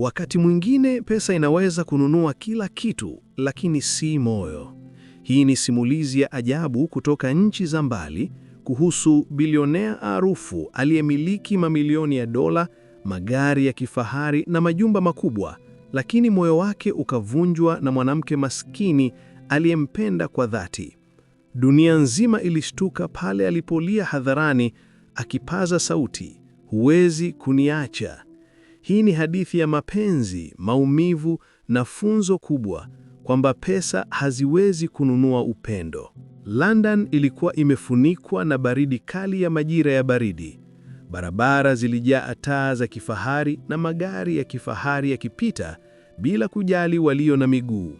Wakati mwingine pesa inaweza kununua kila kitu, lakini si moyo. Hii ni simulizi ya ajabu kutoka nchi za mbali kuhusu bilionea maarufu aliyemiliki mamilioni ya dola, magari ya kifahari na majumba makubwa, lakini moyo wake ukavunjwa na mwanamke maskini aliyempenda kwa dhati. Dunia nzima ilishtuka pale alipolia hadharani akipaza sauti, huwezi kuniacha. Hii ni hadithi ya mapenzi, maumivu na funzo kubwa kwamba pesa haziwezi kununua upendo. London ilikuwa imefunikwa na baridi kali ya majira ya baridi. Barabara zilijaa taa za kifahari na magari ya kifahari yakipita bila kujali walio na miguu.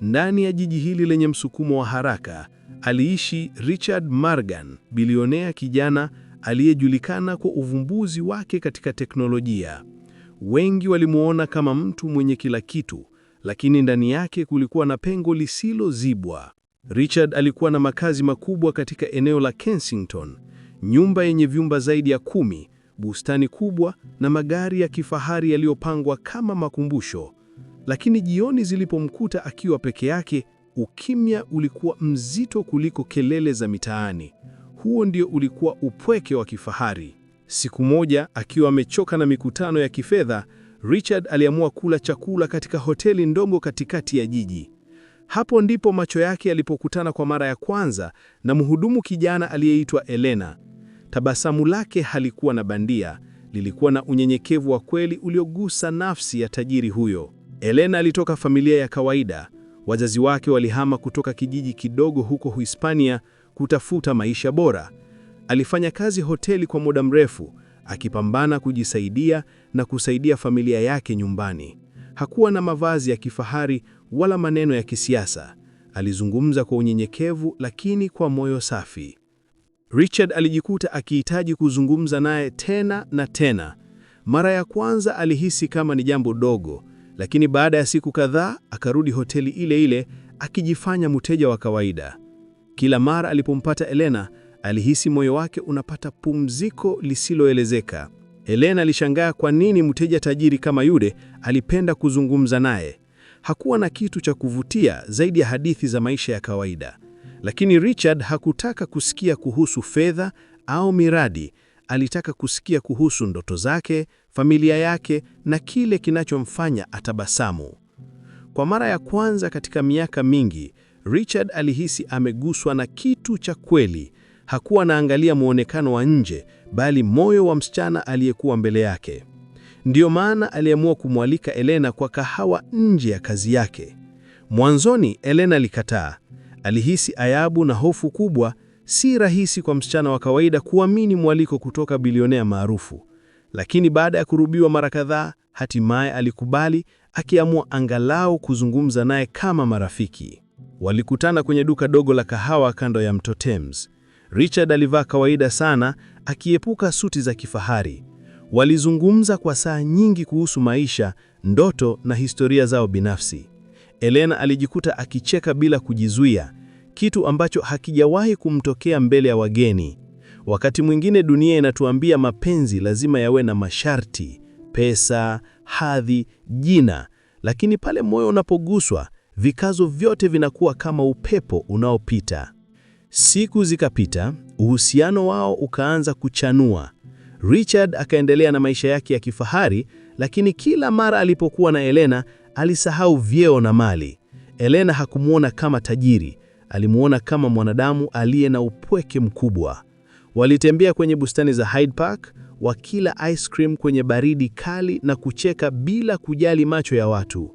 Ndani ya jiji hili lenye msukumo wa haraka, aliishi Richard Morgan, bilionea kijana aliyejulikana kwa uvumbuzi wake katika teknolojia. Wengi walimwona kama mtu mwenye kila kitu, lakini ndani yake kulikuwa na pengo lisilozibwa. Richard alikuwa na makazi makubwa katika eneo la Kensington, nyumba yenye vyumba zaidi ya kumi, bustani kubwa na magari ya kifahari yaliyopangwa kama makumbusho. Lakini jioni zilipomkuta akiwa peke yake, ukimya ulikuwa mzito kuliko kelele za mitaani. Huo ndio ulikuwa upweke wa kifahari. Siku moja akiwa amechoka na mikutano ya kifedha, Richard aliamua kula chakula katika hoteli ndogo katikati ya jiji. Hapo ndipo macho yake yalipokutana kwa mara ya kwanza na mhudumu kijana aliyeitwa Elena. Tabasamu lake halikuwa na bandia, lilikuwa na unyenyekevu wa kweli uliogusa nafsi ya tajiri huyo. Elena alitoka familia ya kawaida. Wazazi wake walihama kutoka kijiji kidogo huko Hispania kutafuta maisha bora. Alifanya kazi hoteli kwa muda mrefu, akipambana kujisaidia na kusaidia familia yake nyumbani. Hakuwa na mavazi ya kifahari wala maneno ya kisiasa. Alizungumza kwa unyenyekevu lakini kwa moyo safi. Richard alijikuta akihitaji kuzungumza naye tena na tena. Mara ya kwanza alihisi kama ni jambo dogo, lakini baada ya siku kadhaa akarudi hoteli ile ile akijifanya mteja wa kawaida. Kila mara alipompata Elena Alihisi moyo wake unapata pumziko lisiloelezeka. Helena alishangaa kwa nini mteja tajiri kama yule alipenda kuzungumza naye. Hakuwa na kitu cha kuvutia zaidi ya hadithi za maisha ya kawaida. Lakini Richard hakutaka kusikia kuhusu fedha au miradi. Alitaka kusikia kuhusu ndoto zake, familia yake na kile kinachomfanya atabasamu. Kwa mara ya kwanza katika miaka mingi, Richard alihisi ameguswa na kitu cha kweli, hakuwa anaangalia muonekano wa nje, bali moyo wa msichana aliyekuwa mbele yake. Ndiyo maana aliamua kumwalika Elena kwa kahawa nje ya kazi yake. Mwanzoni Elena alikataa, alihisi ayabu na hofu kubwa. Si rahisi kwa msichana wa kawaida kuamini mwaliko kutoka bilionea maarufu, lakini baada ya kurubiwa mara kadhaa, hatimaye alikubali, akiamua angalau kuzungumza naye kama marafiki. Walikutana kwenye duka dogo la kahawa kando ya mto Thames. Richard alivaa kawaida sana, akiepuka suti za kifahari. Walizungumza kwa saa nyingi kuhusu maisha, ndoto na historia zao binafsi. Elena alijikuta akicheka bila kujizuia, kitu ambacho hakijawahi kumtokea mbele ya wageni. Wakati mwingine dunia inatuambia mapenzi lazima yawe na masharti, pesa, hadhi, jina, lakini pale moyo unapoguswa, vikazo vyote vinakuwa kama upepo unaopita. Siku zikapita, uhusiano wao ukaanza kuchanua. Richard akaendelea na maisha yake ya kifahari, lakini kila mara alipokuwa na Elena alisahau vyeo na mali. Elena hakumwona kama tajiri, alimwona kama mwanadamu aliye na upweke mkubwa. Walitembea kwenye bustani za Hyde Park, wakila ice cream kwenye baridi kali na kucheka bila kujali macho ya watu.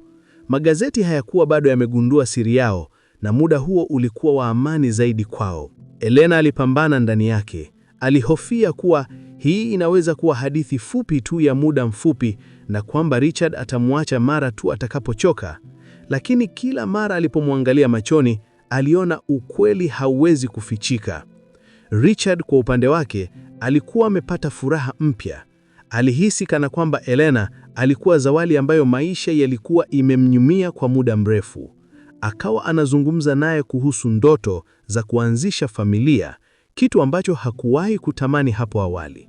Magazeti hayakuwa bado yamegundua siri yao, na muda huo ulikuwa wa amani zaidi kwao. Elena alipambana ndani yake, alihofia kuwa hii inaweza kuwa hadithi fupi tu ya muda mfupi na kwamba Richard atamwacha mara tu atakapochoka, lakini kila mara alipomwangalia machoni aliona ukweli hauwezi kufichika. Richard kwa upande wake alikuwa amepata furaha mpya. Alihisi kana kwamba Elena alikuwa zawadi ambayo maisha yalikuwa imemnyumia kwa muda mrefu akawa anazungumza naye kuhusu ndoto za kuanzisha familia, kitu ambacho hakuwahi kutamani hapo awali.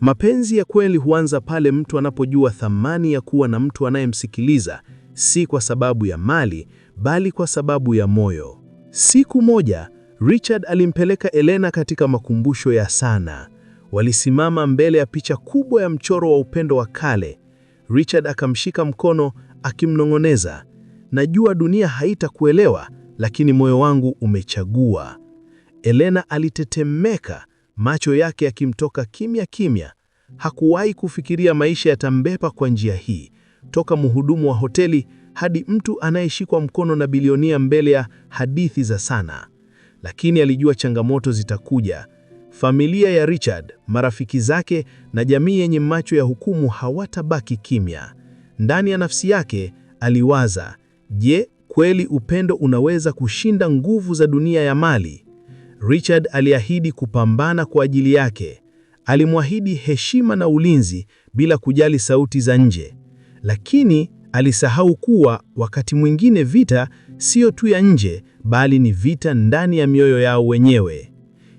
Mapenzi ya kweli huanza pale mtu anapojua thamani ya kuwa na mtu anayemsikiliza, si kwa sababu ya mali, bali kwa sababu ya moyo. Siku moja, Richard alimpeleka Elena katika makumbusho ya sanaa. Walisimama mbele ya picha kubwa ya mchoro wa upendo wa kale. Richard akamshika mkono akimnong'oneza, Najua dunia haitakuelewa, lakini moyo wangu umechagua. Elena alitetemeka, macho yake yakimtoka kimya kimya. Hakuwahi kufikiria maisha yatambepa kwa njia hii, toka mhudumu wa hoteli hadi mtu anayeshikwa mkono na bilionia mbele ya hadithi za sana. Lakini alijua changamoto zitakuja. Familia ya Richard, marafiki zake na jamii yenye macho ya hukumu hawatabaki kimya. Ndani ya nafsi yake aliwaza, Je, kweli upendo unaweza kushinda nguvu za dunia ya mali? Richard aliahidi kupambana kwa ajili yake. Alimwahidi heshima na ulinzi bila kujali sauti za nje. Lakini alisahau kuwa wakati mwingine vita sio tu ya nje, bali ni vita ndani ya mioyo yao wenyewe.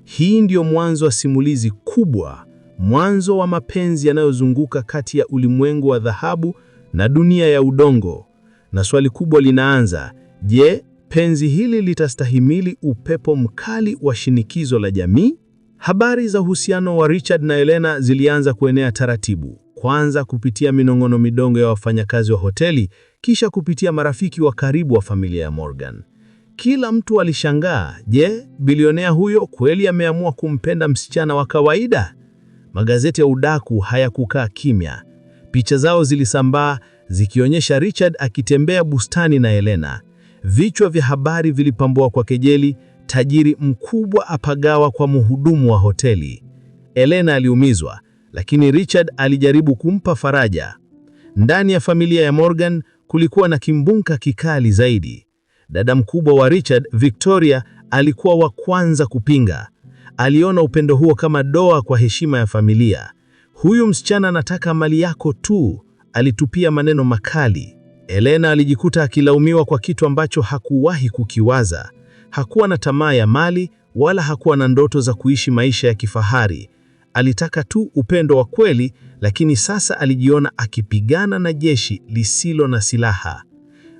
Hii ndiyo mwanzo wa simulizi kubwa, mwanzo wa mapenzi yanayozunguka kati ya ulimwengu wa dhahabu na dunia ya udongo na swali kubwa linaanza, je, penzi hili litastahimili upepo mkali wa shinikizo la jamii? Habari za uhusiano wa Richard na Elena zilianza kuenea taratibu, kwanza kupitia minong'ono midongo ya wafanyakazi wa hoteli, kisha kupitia marafiki wa karibu wa familia ya Morgan. Kila mtu alishangaa, je, bilionea huyo kweli ameamua kumpenda msichana wa kawaida? Magazeti ya udaku hayakukaa kimya, picha zao zilisambaa zikionyesha Richard akitembea bustani na Elena. Vichwa vya habari vilipambua kwa kejeli, tajiri mkubwa apagawa kwa mhudumu wa hoteli. Elena aliumizwa, lakini Richard alijaribu kumpa faraja. Ndani ya familia ya Morgan kulikuwa na kimbunka kikali zaidi. Dada mkubwa wa Richard, Victoria, alikuwa wa kwanza kupinga. Aliona upendo huo kama doa kwa heshima ya familia. Huyu msichana anataka mali yako tu, alitupia maneno makali. Elena alijikuta akilaumiwa kwa kitu ambacho hakuwahi kukiwaza. Hakuwa na tamaa ya mali wala hakuwa na ndoto za kuishi maisha ya kifahari. Alitaka tu upendo wa kweli, lakini sasa alijiona akipigana na jeshi lisilo na silaha.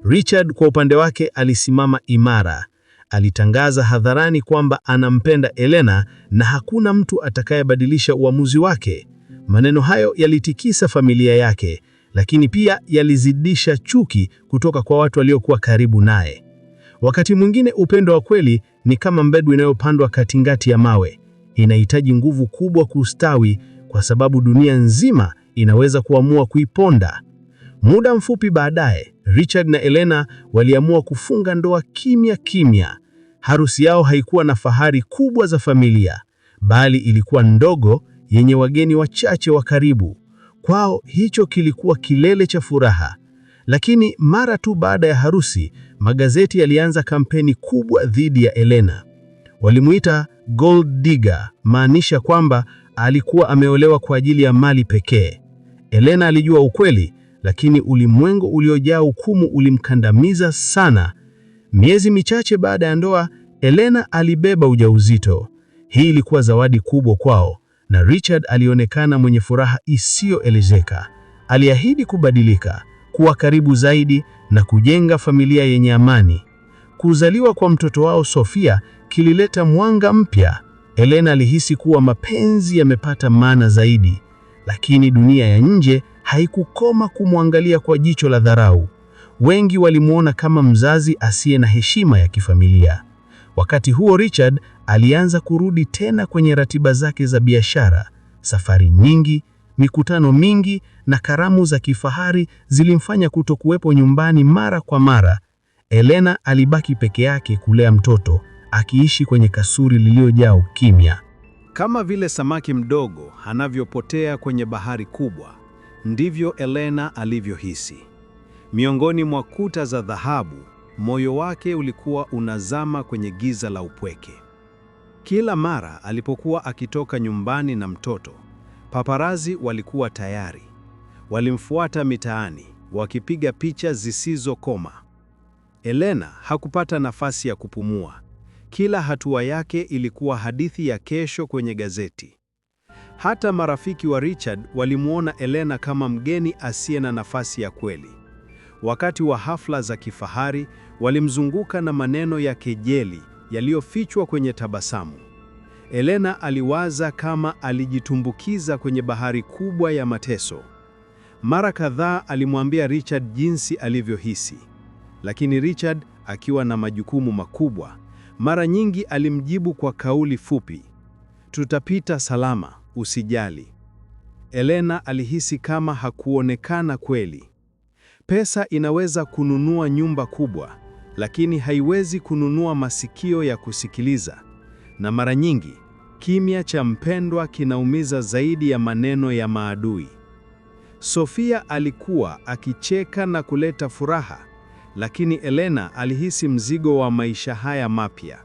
Richard kwa upande wake alisimama imara. Alitangaza hadharani kwamba anampenda Elena na hakuna mtu atakayebadilisha uamuzi wake. Maneno hayo yalitikisa familia yake, lakini pia yalizidisha chuki kutoka kwa watu waliokuwa karibu naye. Wakati mwingine upendo wa kweli ni kama mbegu inayopandwa katikati ya mawe. Inahitaji nguvu kubwa kustawi, kwa sababu dunia nzima inaweza kuamua kuiponda. Muda mfupi baadaye, Richard na Elena waliamua kufunga ndoa kimya kimya. Harusi yao haikuwa na fahari kubwa za familia, bali ilikuwa ndogo yenye wageni wachache wa karibu. Kwao hicho kilikuwa kilele cha furaha. Lakini mara tu baada ya harusi, magazeti yalianza kampeni kubwa dhidi ya Elena. Walimuita gold digger, maanisha kwamba alikuwa ameolewa kwa ajili ya mali pekee. Elena alijua ukweli, lakini ulimwengu uliojaa hukumu ulimkandamiza sana. Miezi michache baada ya ndoa, Elena alibeba ujauzito. Hii ilikuwa zawadi kubwa kwao na Richard alionekana mwenye furaha isiyoelezeka. Aliahidi kubadilika, kuwa karibu zaidi na kujenga familia yenye amani. Kuzaliwa kwa mtoto wao Sofia kilileta mwanga mpya. Elena alihisi kuwa mapenzi yamepata maana zaidi, lakini dunia ya nje haikukoma kumwangalia kwa jicho la dharau. Wengi walimwona kama mzazi asiye na heshima ya kifamilia. Wakati huo Richard alianza kurudi tena kwenye ratiba zake za biashara. Safari nyingi, mikutano mingi na karamu za kifahari zilimfanya kutokuwepo nyumbani mara kwa mara. Elena alibaki peke yake kulea mtoto, akiishi kwenye kasuri lililojaa ukimya. Kama vile samaki mdogo anavyopotea kwenye bahari kubwa, ndivyo Elena alivyohisi. Miongoni mwa kuta za dhahabu, moyo wake ulikuwa unazama kwenye giza la upweke. Kila mara alipokuwa akitoka nyumbani na mtoto, paparazi walikuwa tayari. Walimfuata mitaani wakipiga picha zisizokoma. Elena hakupata nafasi ya kupumua. Kila hatua yake ilikuwa hadithi ya kesho kwenye gazeti. Hata marafiki wa Richard walimwona Elena kama mgeni asiye na nafasi ya kweli. Wakati wa hafla za kifahari, walimzunguka na maneno ya kejeli yaliyofichwa kwenye tabasamu. Elena aliwaza kama alijitumbukiza kwenye bahari kubwa ya mateso. Mara kadhaa alimwambia Richard jinsi alivyohisi, lakini Richard akiwa na majukumu makubwa, mara nyingi alimjibu kwa kauli fupi, tutapita salama, usijali. Elena alihisi kama hakuonekana kweli. Pesa inaweza kununua nyumba kubwa lakini haiwezi kununua masikio ya kusikiliza, na mara nyingi kimya cha mpendwa kinaumiza zaidi ya maneno ya maadui. Sofia alikuwa akicheka na kuleta furaha, lakini Elena alihisi mzigo wa maisha haya mapya.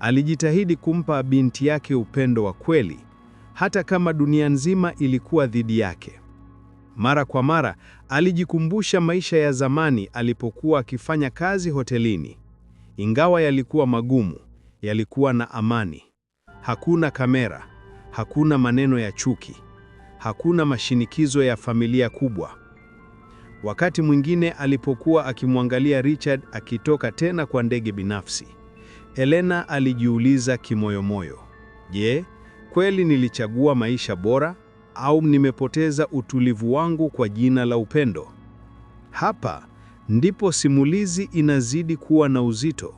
Alijitahidi kumpa binti yake upendo wa kweli, hata kama dunia nzima ilikuwa dhidi yake. Mara kwa mara Alijikumbusha maisha ya zamani alipokuwa akifanya kazi hotelini. Ingawa yalikuwa magumu, yalikuwa na amani. Hakuna kamera, hakuna maneno ya chuki, hakuna mashinikizo ya familia kubwa. Wakati mwingine alipokuwa akimwangalia Richard akitoka tena kwa ndege binafsi, Elena alijiuliza kimoyomoyo, je, kweli nilichagua maisha bora? au nimepoteza utulivu wangu kwa jina la upendo? Hapa ndipo simulizi inazidi kuwa na uzito.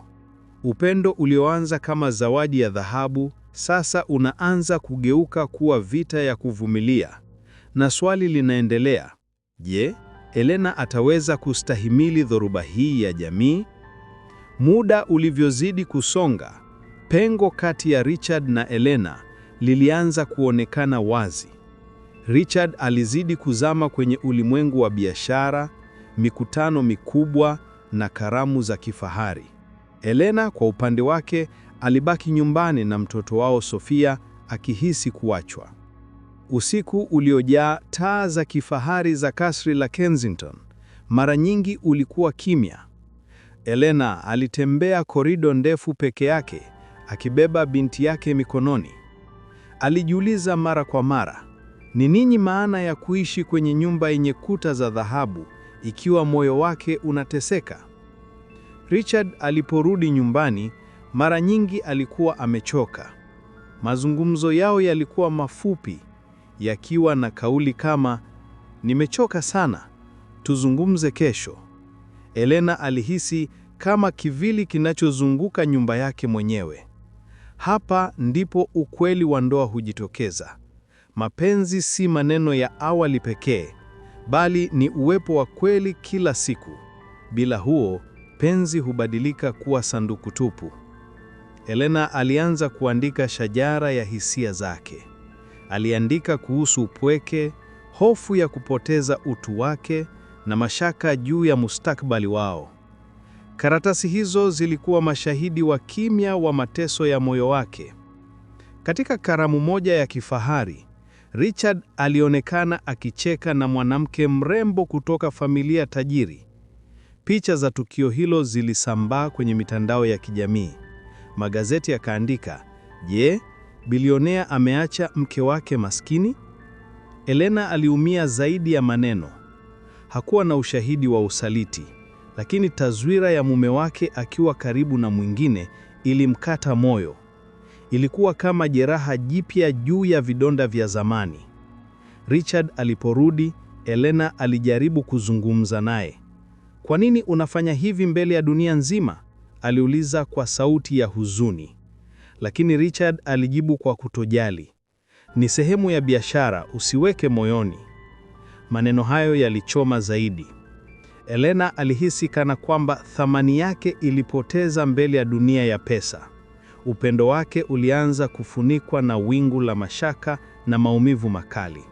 Upendo ulioanza kama zawadi ya dhahabu sasa unaanza kugeuka kuwa vita ya kuvumilia, na swali linaendelea: je, Elena ataweza kustahimili dhoruba hii ya jamii? Muda ulivyozidi kusonga, pengo kati ya Richard na Elena lilianza kuonekana wazi. Richard alizidi kuzama kwenye ulimwengu wa biashara, mikutano mikubwa na karamu za kifahari. Elena kwa upande wake alibaki nyumbani na mtoto wao Sofia akihisi kuachwa. Usiku uliojaa taa za kifahari za kasri la Kensington mara nyingi ulikuwa kimya. Elena alitembea korido ndefu peke yake akibeba binti yake mikononi. Alijiuliza mara kwa mara, ni nini maana ya kuishi kwenye nyumba yenye kuta za dhahabu ikiwa moyo wake unateseka? Richard aliporudi nyumbani, mara nyingi alikuwa amechoka. Mazungumzo yao yalikuwa mafupi, yakiwa na kauli kama nimechoka sana, tuzungumze kesho. Elena alihisi kama kivili kinachozunguka nyumba yake mwenyewe. Hapa ndipo ukweli wa ndoa hujitokeza mapenzi si maneno ya awali pekee, bali ni uwepo wa kweli kila siku. Bila huo, penzi hubadilika kuwa sanduku tupu. Elena alianza kuandika shajara ya hisia zake. Aliandika kuhusu upweke, hofu ya kupoteza utu wake na mashaka juu ya mustakabali wao. Karatasi hizo zilikuwa mashahidi wa kimya wa mateso ya moyo wake. Katika karamu moja ya kifahari, Richard alionekana akicheka na mwanamke mrembo kutoka familia tajiri. Picha za tukio hilo zilisambaa kwenye mitandao ya kijamii. Magazeti yakaandika, "Je, bilionea ameacha mke wake maskini?" Elena aliumia zaidi ya maneno. Hakuwa na ushahidi wa usaliti, lakini taswira ya mume wake akiwa karibu na mwingine ilimkata moyo ilikuwa kama jeraha jipya juu ya vidonda vya zamani. Richard aliporudi, Elena alijaribu kuzungumza naye. Kwa nini unafanya hivi mbele ya dunia nzima? aliuliza kwa sauti ya huzuni. Lakini Richard alijibu kwa kutojali. Ni sehemu ya biashara, usiweke moyoni. Maneno hayo yalichoma zaidi. Elena alihisi kana kwamba thamani yake ilipoteza mbele ya dunia ya pesa upendo wake ulianza kufunikwa na wingu la mashaka na maumivu makali.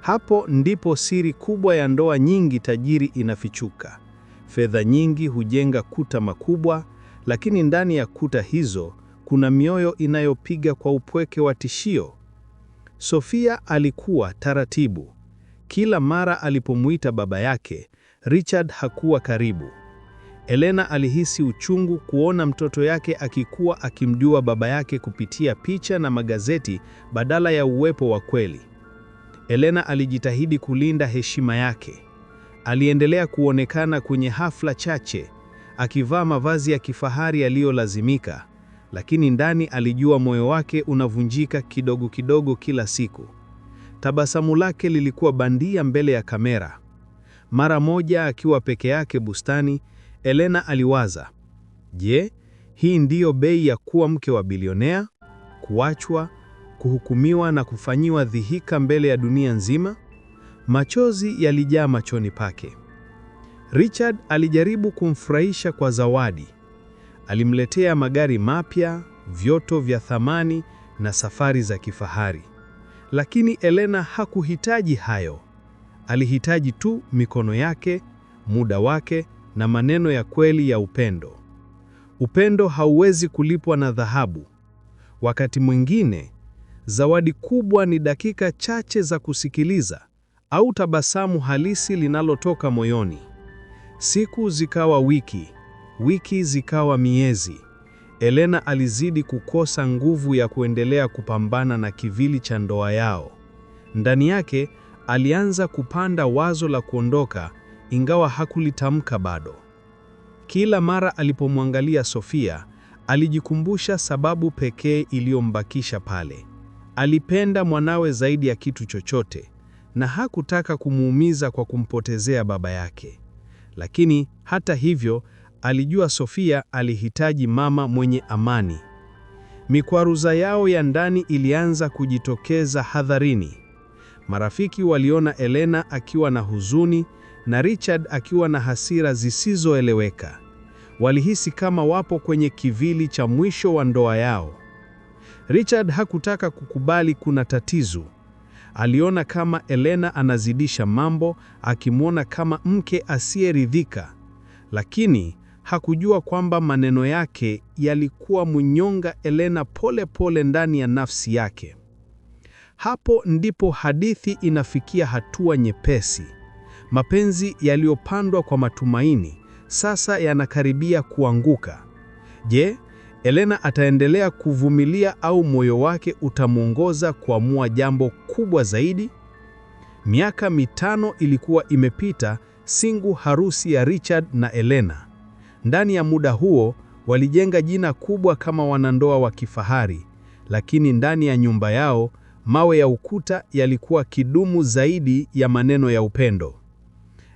Hapo ndipo siri kubwa ya ndoa nyingi tajiri inafichuka. Fedha nyingi hujenga kuta makubwa, lakini ndani ya kuta hizo kuna mioyo inayopiga kwa upweke wa tishio. Sofia alikuwa taratibu. Kila mara alipomuita baba yake, Richard hakuwa karibu. Elena alihisi uchungu kuona mtoto yake akikuwa akimjua baba yake kupitia picha na magazeti badala ya uwepo wa kweli. Elena alijitahidi kulinda heshima yake. Aliendelea kuonekana kwenye hafla chache, akivaa mavazi ya kifahari yaliyolazimika, lakini ndani alijua moyo wake unavunjika kidogo kidogo kila siku. Tabasamu lake lilikuwa bandia mbele ya kamera. Mara moja akiwa peke yake bustani Elena aliwaza, je, hii ndiyo bei ya kuwa mke wa bilionea? Kuachwa, kuhukumiwa na kufanyiwa dhihika mbele ya dunia nzima? Machozi yalijaa machoni pake. Richard alijaribu kumfurahisha kwa zawadi. Alimletea magari mapya, vyoto vya thamani na safari za kifahari. Lakini Elena hakuhitaji hayo. Alihitaji tu mikono yake, muda wake na maneno ya kweli ya upendo. Upendo hauwezi kulipwa na dhahabu. Wakati mwingine, zawadi kubwa ni dakika chache za kusikiliza au tabasamu halisi linalotoka moyoni. Siku zikawa wiki, wiki zikawa miezi. Elena alizidi kukosa nguvu ya kuendelea kupambana na kivili cha ndoa yao. Ndani yake alianza kupanda wazo la kuondoka ingawa hakulitamka bado. Kila mara alipomwangalia Sofia, alijikumbusha sababu pekee iliyombakisha pale. Alipenda mwanawe zaidi ya kitu chochote na hakutaka kumuumiza kwa kumpotezea baba yake. Lakini hata hivyo, alijua Sofia alihitaji mama mwenye amani. Mikwaruza yao ya ndani ilianza kujitokeza hadharini. Marafiki waliona Elena akiwa na huzuni na Richard akiwa na hasira zisizoeleweka. Walihisi kama wapo kwenye kivili cha mwisho wa ndoa yao. Richard hakutaka kukubali kuna tatizo. Aliona kama Elena anazidisha mambo, akimwona kama mke asiyeridhika. Lakini hakujua kwamba maneno yake yalikuwa mnyonga Elena pole pole ndani ya nafsi yake. Hapo ndipo hadithi inafikia hatua nyepesi. Mapenzi yaliyopandwa kwa matumaini sasa yanakaribia kuanguka. Je, Elena ataendelea kuvumilia au moyo wake utamwongoza kuamua jambo kubwa zaidi? Miaka mitano ilikuwa imepita singu harusi ya Richard na Elena. Ndani ya muda huo walijenga jina kubwa kama wanandoa wa kifahari, lakini ndani ya nyumba yao mawe ya ukuta yalikuwa kidumu zaidi ya maneno ya upendo.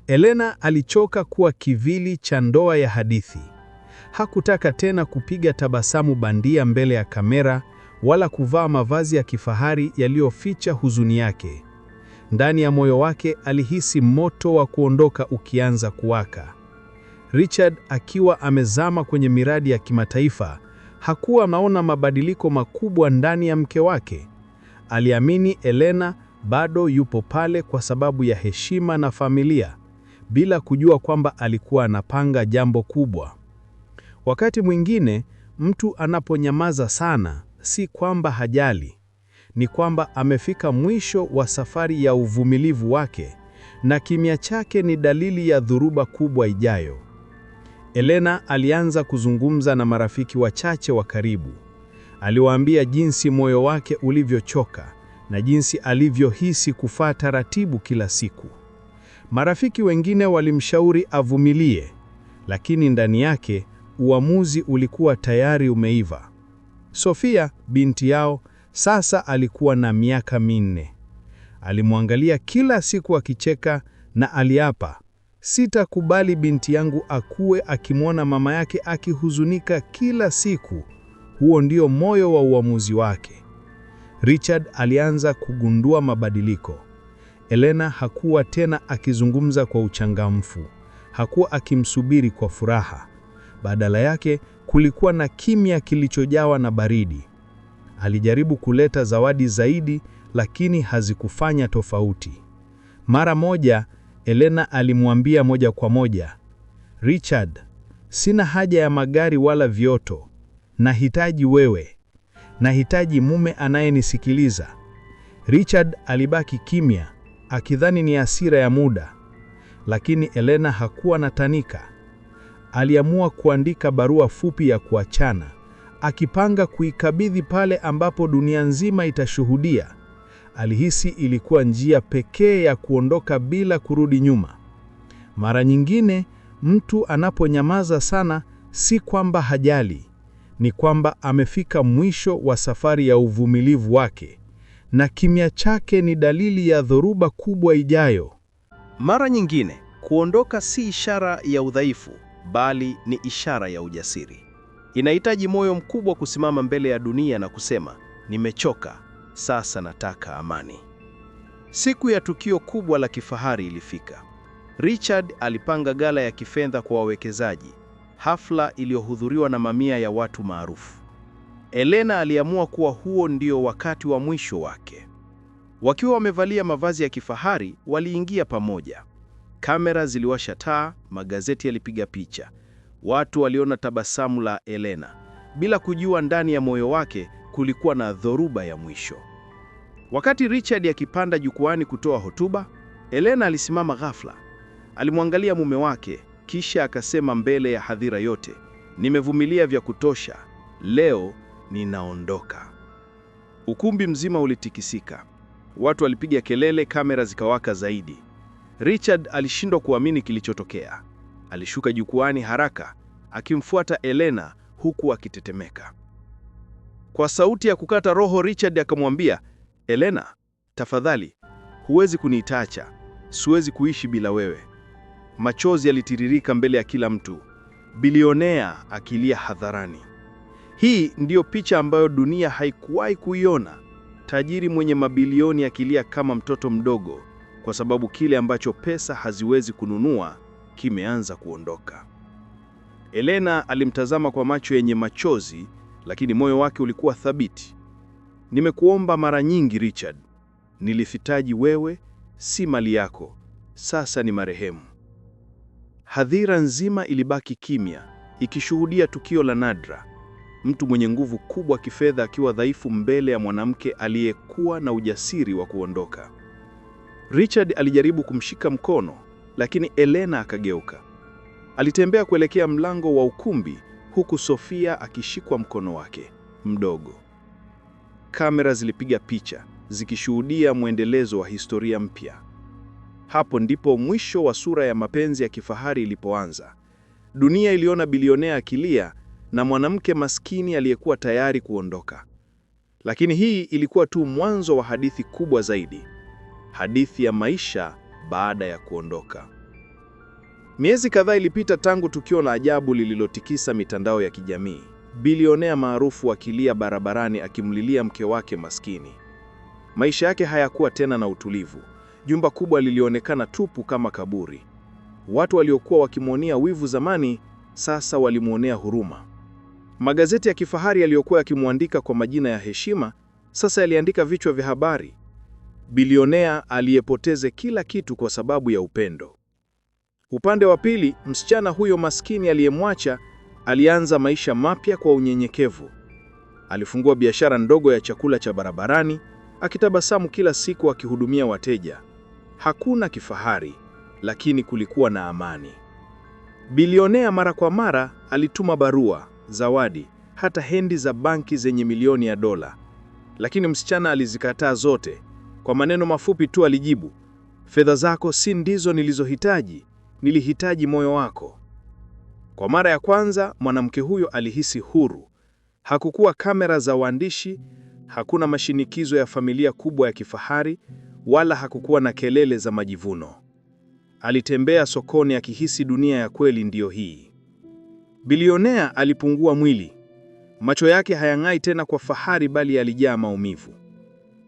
Elena alichoka kuwa kivili cha ndoa ya hadithi. Hakutaka tena kupiga tabasamu bandia mbele ya kamera wala kuvaa mavazi ya kifahari yaliyoficha huzuni yake. Ndani ya moyo wake alihisi moto wa kuondoka ukianza kuwaka. Richard akiwa amezama kwenye miradi ya kimataifa, hakuwa anaona mabadiliko makubwa ndani ya mke wake. Aliamini Elena bado yupo pale kwa sababu ya heshima na familia bila kujua kwamba alikuwa anapanga jambo kubwa. Wakati mwingine mtu anaponyamaza sana, si kwamba hajali, ni kwamba amefika mwisho wa safari ya uvumilivu wake, na kimya chake ni dalili ya dhuruba kubwa ijayo. Elena alianza kuzungumza na marafiki wachache wa karibu. Aliwaambia jinsi moyo wake ulivyochoka na jinsi alivyohisi kufaa taratibu kila siku. Marafiki wengine walimshauri avumilie, lakini ndani yake uamuzi ulikuwa tayari umeiva. Sofia, binti yao, sasa alikuwa na miaka minne. Alimwangalia kila siku akicheka na aliapa, sitakubali binti yangu akue akimwona mama yake akihuzunika kila siku. Huo ndio moyo wa uamuzi wake. Richard alianza kugundua mabadiliko. Elena hakuwa tena akizungumza kwa uchangamfu, hakuwa akimsubiri kwa furaha. Badala yake kulikuwa na kimya kilichojawa na baridi. Alijaribu kuleta zawadi zaidi, lakini hazikufanya tofauti. Mara moja Elena alimwambia moja kwa moja, Richard, sina haja ya magari wala vioto nahitaji wewe, nahitaji mume anayenisikiliza. Richard alibaki kimya, akidhani ni hasira ya muda, lakini Elena hakuwa na tanika. Aliamua kuandika barua fupi ya kuachana, akipanga kuikabidhi pale ambapo dunia nzima itashuhudia. Alihisi ilikuwa njia pekee ya kuondoka bila kurudi nyuma. Mara nyingine mtu anaponyamaza sana, si kwamba hajali, ni kwamba amefika mwisho wa safari ya uvumilivu wake na kimya chake ni dalili ya dhoruba kubwa ijayo. Mara nyingine kuondoka si ishara ya udhaifu, bali ni ishara ya ujasiri. Inahitaji moyo mkubwa kusimama mbele ya dunia na kusema, nimechoka, sasa nataka amani. Siku ya tukio kubwa la kifahari ilifika. Richard alipanga gala ya kifedha kwa wawekezaji, hafla iliyohudhuriwa na mamia ya watu maarufu. Elena aliamua kuwa huo ndio wakati wa mwisho wake. Wakiwa wamevalia mavazi ya kifahari, waliingia pamoja. Kamera ziliwasha taa, magazeti yalipiga picha. Watu waliona tabasamu la Elena, bila kujua ndani ya moyo wake kulikuwa na dhoruba ya mwisho. Wakati Richard akipanda jukwani kutoa hotuba, Elena alisimama ghafla. Alimwangalia mume wake, kisha akasema mbele ya hadhira yote, nimevumilia vya kutosha, leo ninaondoka. Ukumbi mzima ulitikisika, watu walipiga kelele, kamera zikawaka zaidi. Richard alishindwa kuamini kilichotokea. Alishuka jukwani haraka, akimfuata Elena huku akitetemeka. Kwa sauti ya kukata roho, Richard akamwambia Elena, tafadhali, huwezi kuniitacha, siwezi kuishi bila wewe. Machozi yalitiririka mbele ya kila mtu, bilionea akilia hadharani. Hii ndiyo picha ambayo dunia haikuwahi kuiona, tajiri mwenye mabilioni akilia kama mtoto mdogo, kwa sababu kile ambacho pesa haziwezi kununua kimeanza kuondoka. Elena alimtazama kwa macho yenye machozi, lakini moyo wake ulikuwa thabiti. Nimekuomba mara nyingi Richard, nilifitaji wewe, si mali yako. Sasa ni marehemu. Hadhira nzima ilibaki kimya, ikishuhudia tukio la nadra mtu mwenye nguvu kubwa kifedha akiwa dhaifu mbele ya mwanamke aliyekuwa na ujasiri wa kuondoka. Richard alijaribu kumshika mkono, lakini Elena akageuka. Alitembea kuelekea mlango wa ukumbi huku Sofia akishikwa mkono wake mdogo. Kamera zilipiga picha zikishuhudia mwendelezo wa historia mpya. Hapo ndipo mwisho wa sura ya mapenzi ya kifahari ilipoanza. Dunia iliona bilionea akilia na mwanamke maskini aliyekuwa tayari kuondoka. Lakini hii ilikuwa tu mwanzo wa hadithi kubwa zaidi, hadithi ya maisha baada ya kuondoka. Miezi kadhaa ilipita tangu tukio la ajabu lililotikisa mitandao ya kijamii, bilionea maarufu akilia barabarani akimlilia mke wake maskini. Maisha yake hayakuwa tena na utulivu. Jumba kubwa lilionekana tupu kama kaburi. Watu waliokuwa wakimwonea wivu zamani sasa walimwonea huruma. Magazeti ya kifahari yaliyokuwa yakimwandika kwa majina ya heshima sasa yaliandika vichwa vya habari: bilionea aliyepoteze kila kitu kwa sababu ya upendo. Upande wa pili, msichana huyo maskini aliyemwacha alianza maisha mapya kwa unyenyekevu. Alifungua biashara ndogo ya chakula cha barabarani, akitabasamu kila siku akihudumia wateja. Hakuna kifahari, lakini kulikuwa na amani. Bilionea mara kwa mara alituma barua zawadi, hata hendi za banki zenye milioni ya dola. Lakini msichana alizikataa zote. Kwa maneno mafupi tu alijibu, fedha zako si ndizo nilizohitaji, nilihitaji moyo wako. Kwa mara ya kwanza mwanamke huyo alihisi huru. Hakukuwa kamera za waandishi, hakuna mashinikizo ya familia kubwa ya kifahari, wala hakukuwa na kelele za majivuno. Alitembea sokoni akihisi dunia ya kweli ndiyo hii. Bilionea alipungua mwili, macho yake hayang'ai tena kwa fahari, bali yalijaa maumivu.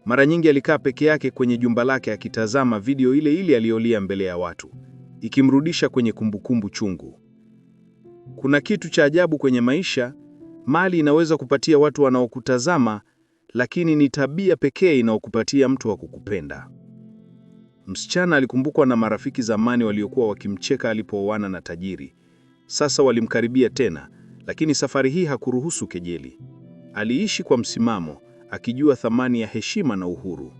Mara nyingi alikaa peke yake kwenye jumba lake akitazama video ile ile aliyolia mbele ya watu, ikimrudisha kwenye kumbukumbu chungu. Kuna kitu cha ajabu kwenye maisha, mali inaweza kupatia watu wanaokutazama, lakini ni tabia pekee inayokupatia mtu wa kukupenda. Msichana alikumbukwa na marafiki zamani waliokuwa wakimcheka alipooana na tajiri. Sasa walimkaribia tena, lakini safari hii hakuruhusu kejeli. Aliishi kwa msimamo, akijua thamani ya heshima na uhuru.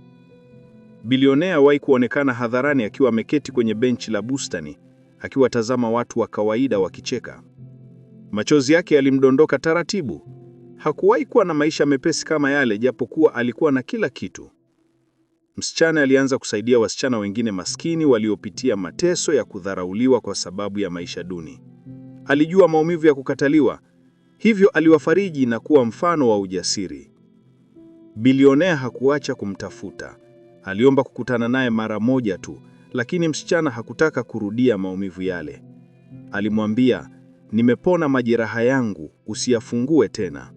Bilionea wahi kuonekana hadharani akiwa ameketi kwenye benchi la bustani, akiwatazama watu wa kawaida wakicheka. Machozi yake yalimdondoka taratibu. Hakuwahi kuwa na maisha mepesi kama yale, japokuwa alikuwa na kila kitu. Msichana alianza kusaidia wasichana wengine maskini waliopitia mateso ya kudharauliwa kwa sababu ya maisha duni. Alijua maumivu ya kukataliwa, hivyo aliwafariji na kuwa mfano wa ujasiri. Bilionea hakuacha kumtafuta. Aliomba kukutana naye mara moja tu, lakini msichana hakutaka kurudia maumivu yale. Alimwambia, nimepona majeraha yangu, usiyafungue tena.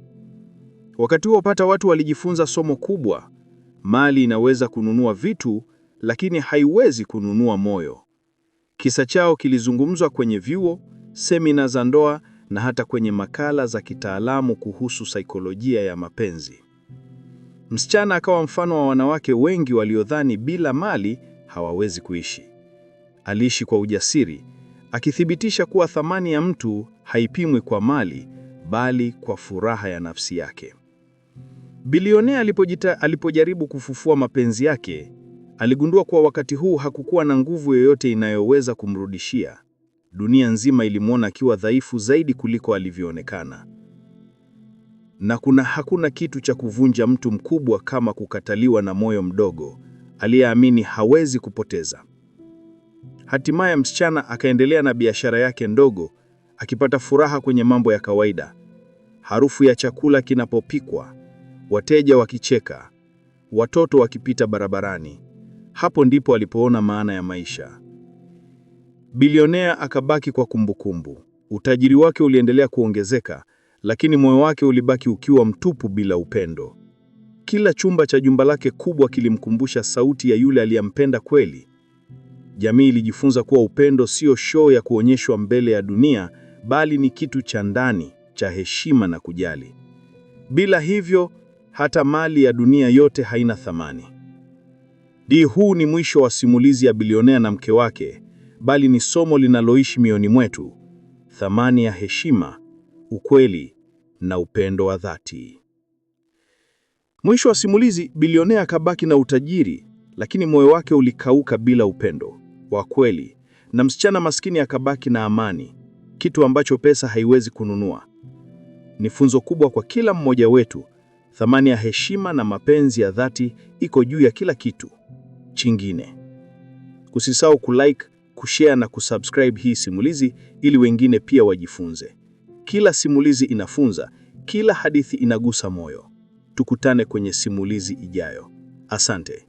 Wakati huo pata watu walijifunza somo kubwa: mali inaweza kununua vitu, lakini haiwezi kununua moyo. Kisa chao kilizungumzwa kwenye vyuo semina za ndoa na hata kwenye makala za kitaalamu kuhusu saikolojia ya mapenzi. Msichana akawa mfano wa wanawake wengi waliodhani bila mali hawawezi kuishi. Aliishi kwa ujasiri, akithibitisha kuwa thamani ya mtu haipimwi kwa mali, bali kwa furaha ya nafsi yake. Bilionea alipojita, alipojaribu kufufua mapenzi yake, aligundua kuwa wakati huu hakukuwa na nguvu yoyote inayoweza kumrudishia dunia nzima ilimwona akiwa dhaifu zaidi kuliko alivyoonekana. Na kuna hakuna kitu cha kuvunja mtu mkubwa kama kukataliwa na moyo mdogo aliyeamini hawezi kupoteza. Hatimaye msichana akaendelea na biashara yake ndogo, akipata furaha kwenye mambo ya kawaida: harufu ya chakula kinapopikwa, wateja wakicheka, watoto wakipita barabarani. Hapo ndipo alipoona maana ya maisha. Bilionea akabaki kwa kumbukumbu. Utajiri wake uliendelea kuongezeka, lakini moyo wake ulibaki ukiwa mtupu bila upendo. Kila chumba cha jumba lake kubwa kilimkumbusha sauti ya yule aliyempenda kweli. Jamii ilijifunza kuwa upendo sio show ya kuonyeshwa mbele ya dunia, bali ni kitu cha ndani, cha heshima na kujali. Bila hivyo, hata mali ya dunia yote haina thamani. Di, huu ni mwisho wa simulizi ya bilionea na mke wake bali ni somo linaloishi mioni mwetu, thamani ya heshima, ukweli na upendo wa dhati. Mwisho wa simulizi, bilionea akabaki na utajiri, lakini moyo wake ulikauka bila upendo wa kweli, na msichana maskini akabaki na amani, kitu ambacho pesa haiwezi kununua. Ni funzo kubwa kwa kila mmoja wetu. Thamani ya heshima na mapenzi ya dhati iko juu ya kila kitu chingine. Usisahau kulike, kushare na kusubscribe hii simulizi ili wengine pia wajifunze. Kila simulizi inafunza, kila hadithi inagusa moyo. Tukutane kwenye simulizi ijayo. Asante.